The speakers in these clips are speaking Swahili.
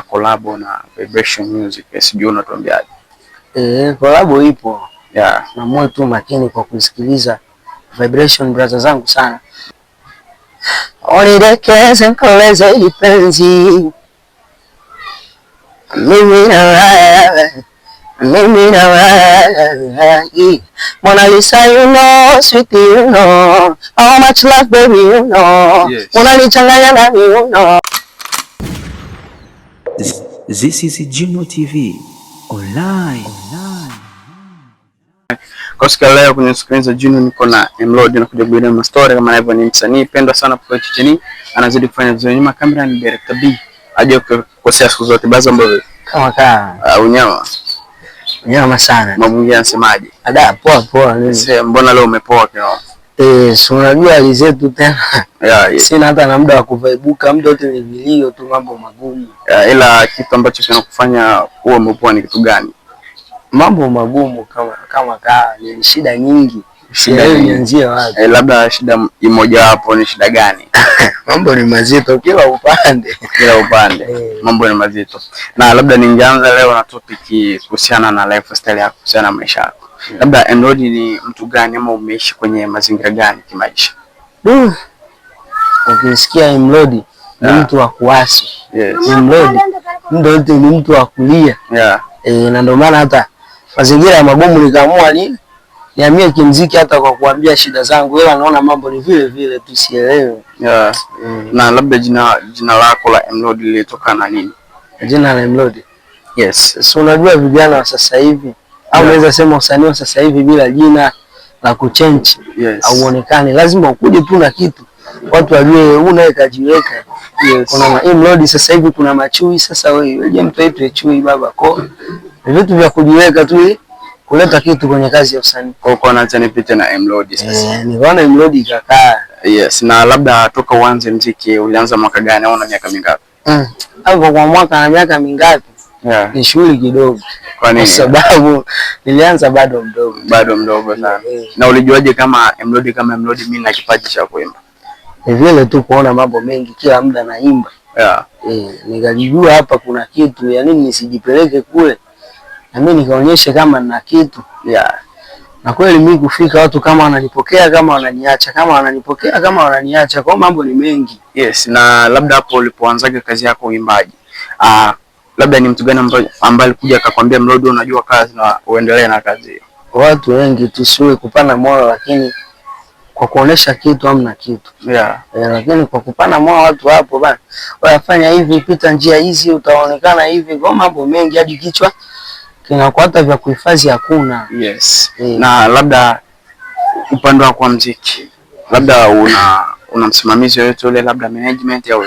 collab na Vibration Music eh, sijui unatuambiaje? Eh, collab ipo yeah. Na moyo tu makini kwa kusikiliza Vibration brother zangu sana. Onidekeze nkoleze hili penzi mimi na wewe, mimi na wewe Mona Lisa you know, sweetie you know, how much love baby you know, unanichanganya nami you know This is Juno TV online. Kwa siku ya leo kwenye screen za Juno niko na Emrod na kuja kujibu ma story kama hivyo. Ni msanii pendwa sana kwa Checheni, anazidi kufanya vizuri nyuma kamera, ni director B aje kukosea siku zote, baza ambavyo kama kama ah, unyama unyama sana. Mambo yanasemaje? Ada poa poa, mbona leo umepoa kwa? Eh, si unajua hali zetu tena. Yeah, yeah. Sina hata na muda wa kuvaibuka, muda wote ni vilio tu, mambo magumu. Yeah, ila kitu ambacho kinakufanya uwe umepoa ni kitu gani? Mambo magumu kama kama ka ni shida nyingi. Shida hiyo nianzie wapi? Eh, labda shida moja wapo ni shida gani? Mambo ni mazito kila upande. Kila upande. Eh. Mambo ni mazito. Na labda ningeanza leo na topic kuhusiana na lifestyle yako, kuhusiana na maisha yako. Mm. labda Emerald ni mtu gani ama umeishi kwenye mazingira gani kimaisha? Hmm. Ukisikia Emerald ni yeah. mtu wa kuasi yes. Emerald mdote ni mtu wa kulia yeah. E, na ndio maana hata mazingira ya magumu nikaamua ni niamie kimziki, hata kwa kuambia shida zangu, ila naona mambo ni vile vile tu, tusielewe yeah. mm. na labda jina, jina lako la Emerald lilitokana nini? Jina la Emerald yes. So unajua vijana wa sasa hivi mm au unaweza sema usanii wa sasa hivi bila jina la kuchange yes. au uonekane, lazima ukuje tu na kitu watu wajue wewe unaye kajiweka. Yes. Kuna ma imlodi sasa hivi kuna machui sasa, wewe je, mtu aitwe chui baba ko vitu vya kujiweka tu kuleta kitu kwenye kazi ya usanii. Kwa hiyo naacha nipite na imlodi sasa. Eh, nikaona imlodi kakaa. Yes, na labda toka uanze mziki ulianza mwaka gani au na miaka mingapi? Mm. hapo kwa mwaka na miaka mingapi? yeah. Ni shughuli kidogo kwa sababu nilianza bado mdogo, bado mdogo sana yeah. Na ulijuaje kama Emrod kama Emrod mimi na kipaji cha kuimba? Ni vile tu kuona mambo mengi, kila muda naimba yeah. E, nikajijua hapa kuna kitu, ya nini nisijipeleke kule na mimi nikaonyeshe kama na kitu yeah. Na kweli mimi kufika, watu kama wananipokea kama wananiacha kama wananipokea kama wananiacha, kwa mambo ni mengi. Yes, na labda hapo ulipoanzaga kazi yako uimbaji, ah, labda ni mtu gani ambaye alikuja akakwambia Mrodi, unajua kazi na uendelee na kazi hiyo? Watu wengi tusiwe kupana moyo, lakini kwa kuonesha kitu hamna kitu yeah. Yeah, lakini kwa kupana moyo watu hapo bana, wayafanya hivi, pita njia hizi utaonekana hivi, kwa mambo mengi hadi kichwa kinakwata, vya kuhifadhi hakuna. Yes. Yeah. Na labda upande wa kwa mziki, labda una, una msimamizi yoyote ule, labda management au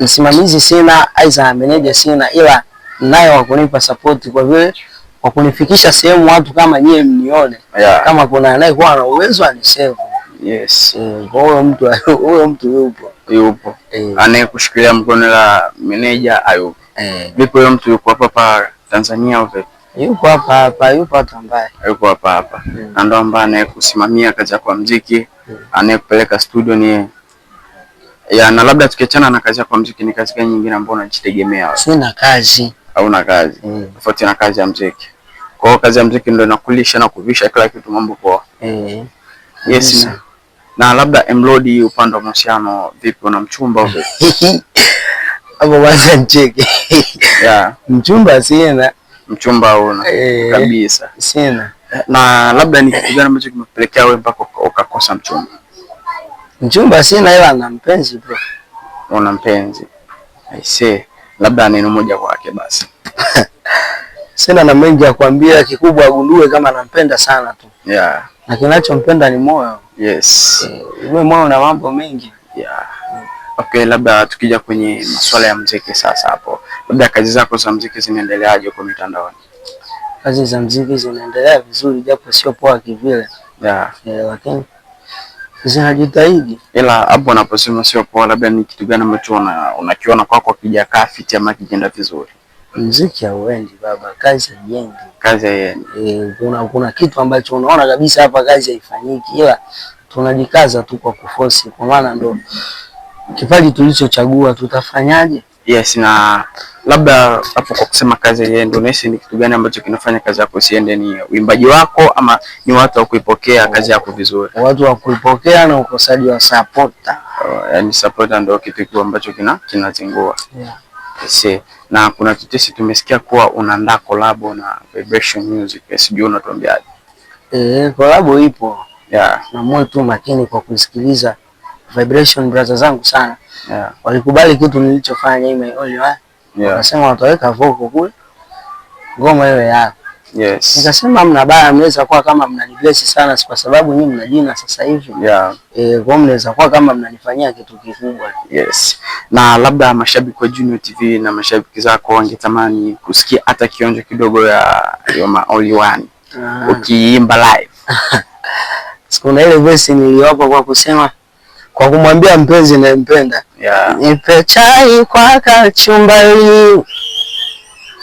msimamizi sina, aiza meneja sina, ila naye wa kunipa support kwa vile kwa kunifikisha sehemu watu kama nyie mnione yeah. Kama kuna anayekuwa na uwezo aniseve. Yes. Mm, huyo mm, mtu huyo mtu yupo yupo eh. Anayekushikilia mkono la meneja hayupo eh. Vipi huyo mtu yupo hapa hapa Tanzania au vipi? Yupo hapa hapa, yupo hata ambaye Yupo hapa hapa mm. Na ndo ambaye anayekusimamia kazi yako ya muziki mm. Anayekupeleka studio ni ya, na labda tukiachana na kazi yako mziki, ni kazi gani nyingine ambayo unajitegemea? Sina kazi. Hauna kazi mm. tofauti na kazi ya mziki Kwa hiyo kazi ya mziki ndio inakulisha na kuvisha kila kitu, mambo poa mm. yes. na labda Emrod, upande wa mahusiano vipi, una mchumba hapo? Bwana nicheke. Ya. mchumba sina, mchumba una e, eh. kabisa sina. na labda ni kitu gani ambacho kimepelekea wewe mpaka ukakosa mchumba? Mchumba sina hela na mpenzi bro. Una mpenzi? I see. labda neno moja kwake basi. Sina na mengi ya kuambia, kikubwa agundue kama nampenda sana tu. Yeah. Na kinachompenda ni moyo. Yes. Uwe eh, moyo na mambo mengi. Yeah. Okay, labda tukija kwenye masuala ya mziki sasa hapo. Labda kazi zako za mziki zinaendeleaje huko mitandaoni? Kazi za mziki zinaendelea vizuri japo sio poa kivile. Yeah. Yeah, lakini zinajitahidi, ila hapo anaposema sio poa, labda ni kitu gani ambacho unakiona kwako kijakaa fiti ama kijenda vizuri? Mziki hauendi baba, kazi haiendi, kazi haiendi. E, kuna, kuna kitu ambacho unaona kabisa hapa kazi haifanyiki, ila tunajikaza tu kwa kufosi, kwa maana ndo kipaji tulichochagua, tutafanyaje? Yes, na labda hapo kwa kusema kazi ya Indonesia ni kitu gani ambacho kinafanya kazi yako isiende? Ni uimbaji wako ama ni watu wa kuipokea kazi yako vizuri? Watu wa kuipokea na ukosaji wa supporta. Oh, yani supporta ndio kitu kikubwa ambacho kina kinazingua. Yeah. Si. Na kuna tetesi tumesikia kuwa unaandaa collab na Vibration Music, eh, sijui unatuambiaje? Eh, collab ipo. Yeah. Na moyo tu makini kwa kusikiliza Vibration brother zangu sana. Yeah. Walikubali kitu nilichofanya mimi Wakasema wataweka voko kule ngoma hiyo yako. Yes. Nikasema mna baya, mnaweza kuwa kama mnanibless sana kwa sababu nyinyi mna jina sasa hivi. Yeah. Eh, kwa mnaweza kuwa kama mnanifanyia kitu kikubwa. Yes. Na labda mashabiki wa Junior TV na mashabiki zako wangetamani kusikia hata kionjo kidogo ya Yoma Only One. Ah. Ukiimba live. Siku ile voice niliwapa kwa kusema kwa kumwambia mpenzi nayempenda yeah. Nipe chai kwa kachumbari,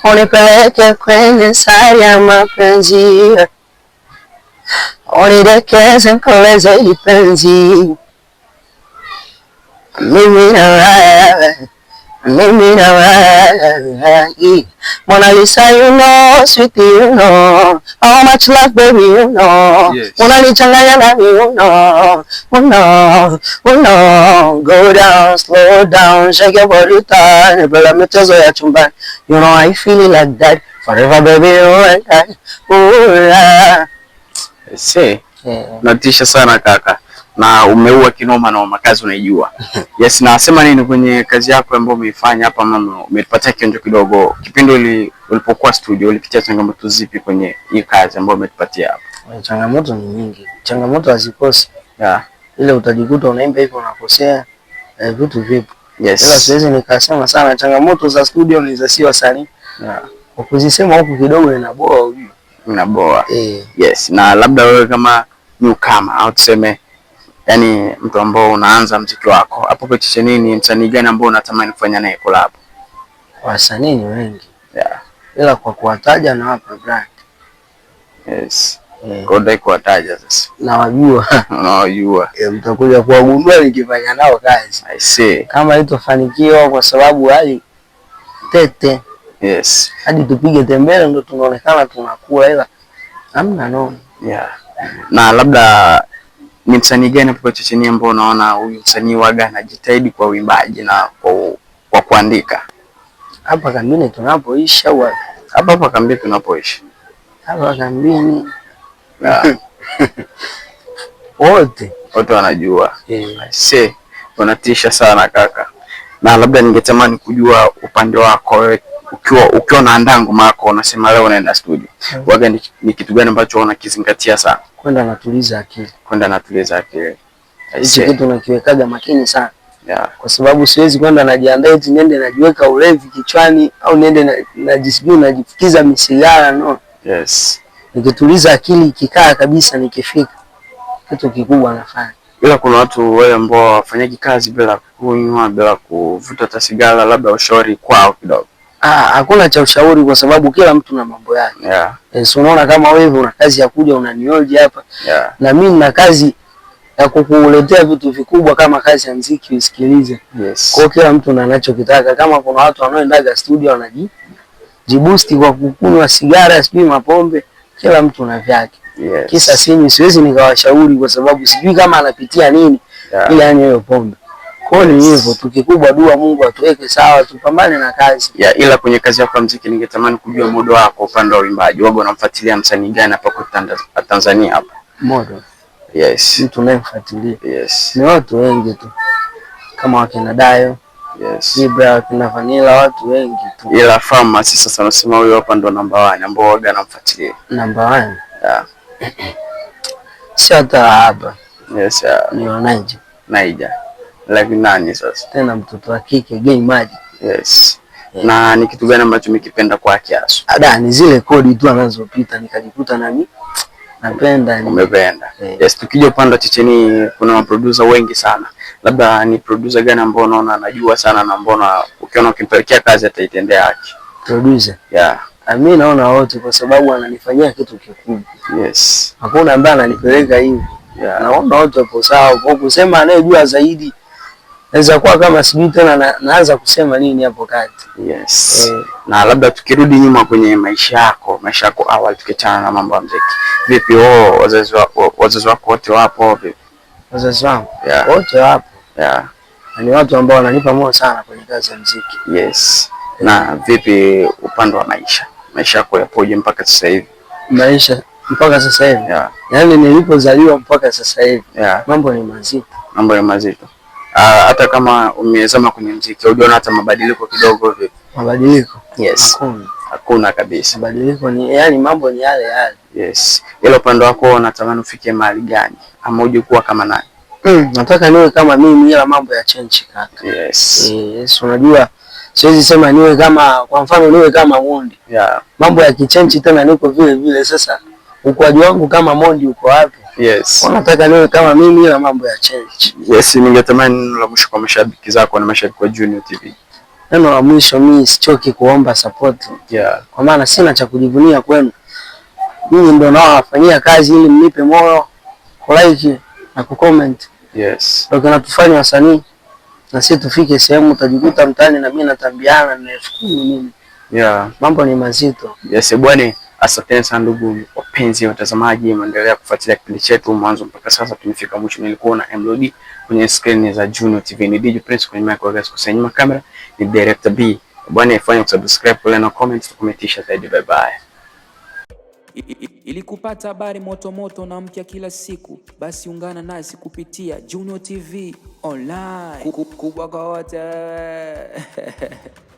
unipeleke kwenye sari ya mapenzi, unidekeze nkoleze ipenzi, mimi na wewe Mimi na wewe Mona Lisa, you know, sweet you know, how much love baby you know, yes. unanichanganya nami you know, you oh, know, you oh, know, go down, slow down, shake your body time, bila michezo ya chumbani, you know I feel like that forever baby you and I, oh yeah. See, yeah. Natisha sana kaka na umeua kinoma na makazi unaijua. Yes, nasema nini kwenye kazi yako ambayo umeifanya hapa mama, umetupatia kionjo kidogo. Kipindi uli, ulipokuwa studio ulipitia changamoto zipi kwenye hii kazi ambayo umetupatia hapa? Eh, changamoto ni nyingi, changamoto hazikosi yeah. Ile utajikuta unaimba hivyo unakosea eh, vitu vipo. Yes. Ila siwezi nikasema sana, changamoto za studio ni za si wasanii yeah. Kwa kuzisema huku kidogo inaboa, ujue inaboa eh. Yes, na labda wewe kama newcomer au tuseme yani mtu ambao unaanza mziki wako hapo Petition, nini, msanii gani ambao unatamani kufanya naye collab? Wasanii ni wengi yeah. Ila kwa kuwataja na hapa Black. yes yeah. Kwa kuwataja sasa, nawajua nawajua yeah, mtakuja kuwagundua nikifanya nao kazi. I see kama itofanikiwa kwa sababu hali tete yes, hadi tupige tembele ndo tunaonekana tunakuwa ila hamna no yeah. Na labda ni msanii gani kutoka Chechenia ambao unaona huyu msanii waga anajitahidi kwa uimbaji na kwa, kwa kuandika? Hapa kambini tunapoishi au hapa hapa kambini tunapoishi? Hapa kambini ah. wote wote wanajua yeah. Unatisha sana kaka, na labda ningetamani kujua upande wako wewe ukiwa ukiwa unaandaa ngoma yako unasema leo unaenda studio. Hmm. Waga ni, ni kitu gani ambacho unakizingatia sana? Kwenda natuliza akili. Kwenda natuliza akili. hizi kitu nakiwekaga makini sana. Yeah. Kwa sababu siwezi kwenda najiandaa eti niende najiweka ulevi kichwani au niende na, najisibu najifukiza misigara no. Yes. Nikituliza akili ikikaa kabisa nikifika. Kitu kikubwa nafanya. Ila kuna watu wale ambao wafanyaji kazi bila kunywa, bila kuvuta hata sigara, labda ushauri kwao kidogo. Ah, Hakuna cha ushauri kwa sababu kila mtu na mambo yake. Yeah. Eh, so unaona kama wewe una kazi ya kuja unanioje hapa. Yeah. Na mimi nina kazi ya kukuletea vitu vikubwa kama kazi ya muziki usikilize. Yes. Kwa kila mtu na anachokitaka kama kuna watu wanaoendaga studio wanaji jibusti kwa kukunywa sigara, sijui mapombe, kila mtu na vyake. Yes. Kisa sini siwezi nikawashauri kwa sababu sijui kama anapitia nini. Yeah. Ile yani pombe. Kwa ni hivyo tukikubwa, dua, Mungu atuweke sawa, tupambane na kazi ya. Ila kwenye kazi yako ya muziki, ningetamani kujua modo wako upande wa uimbaji, wao unamfuatilia msanii gani hapa kwa Tanzania hapa? Modo yes, mtu unayemfuatilia yes, ni watu wengi tu kama wakina Dayo yes, Ibra, wakina Vanilla, watu wengi tu, ila famasi sasa nasema huyo hapa ndo namba 1 ambao wao wanamfuatilia namba 1 yeah. Sio hata hapa yes, uh, ni wanaija naija laki nane sasa. Tena mtoto wa kike gei maji. Yes. Yeah. Na ni kitu gani ambacho umekipenda kwake hasa? Ada, ni zile kodi tu anazopita nikajikuta nami napenda. ni. Umependa. Yeah. Yes, tukija upande wa Checheni kuna maproducer wengi sana. Labda ni producer gani ambao unaona anajua sana na mbona ukiona ukimpelekea kazi ataitendea haki? Producer. Yeah. Ah, mimi naona wote kwa sababu ananifanyia kitu kikubwa. Yes. Hakuna ambaye ananipeleka hivi. Yeah. Naona wote wapo sawa. Kwa kusema anayejua zaidi naweza kuwa kama sijui tena na, naanza kusema nini hapo kati. Yes. E. Na labda tukirudi nyuma kwenye maisha yako, maisha yako awali, tukiachana na mambo ya muziki. Vipi wao oh, wazazi wako wazazi wako wote wapo vipi? Wazazi wangu yeah. wote wapo. Yeah. Ni watu ambao wananipa moyo sana kwenye kazi ya muziki. Yes. E. Na vipi upande wa maisha? Maisha yako yapoje mpaka sasa hivi? Maisha mpaka sasa hivi. Yeah. Yaani nilipozaliwa mpaka sasa hivi. Yeah. Mambo ni mazito. Mambo ni mazito. Ah, hata kama umezama kwenye mziki, hujaona hata mabadiliko kidogo hivi? Mabadiliko? Yes. Hakuna. Hakuna kabisa. Mabadiliko ni yani mambo ni yale yale. Yes. Ila upande wako unatamani ufike mahali gani ama uje kuwa kama nani? Mm, nataka niwe kama mimi ila mambo ya change kaka. Yes. Yes, unajua siwezi sema niwe kama kwa mfano niwe kama Mondi. Yeah. Mambo ya kichenchi tena niko vile vile sasa. Ukuaji wangu kama Mondi uko wapi? Yes. wanataka niwe kama mimi na mambo ya change. Yes, ningetamani neno la mwisho kwa mashabiki zako na mashabiki wa Junior TV. Neno la mwisho, mimi sichoki kuomba support. Yeah. Kwa maana sina cha kujivunia kwenu. Mimi ndo nawafanyia kazi ili mnipe moyo, like na comment. Yes. Ndio kinatufanya wasanii na sisi tufike sehemu utajikuta mtaani na mimi natambiana na elfu kumi mimi. Yeah. Mambo ni mazito. Yes, bwana, asanteni sana ndugu wapenzi watazamaji, mnaendelea kufuatilia kipindi chetu mwanzo mpaka sasa, tumefika mwisho. Nilikuwa na MLD kwenye screen za Juno TV, ni DJ Prince kwenye mic wa kwenye nyuma kamera ni Director B. Bwana, ifanye subscribe kule na comment tukometisha zaidi. Bye bye. Ili kupata habari moto moto na mpya kila siku, basi ungana nasi kupitia Juno TV online. Kubwa kwa wote.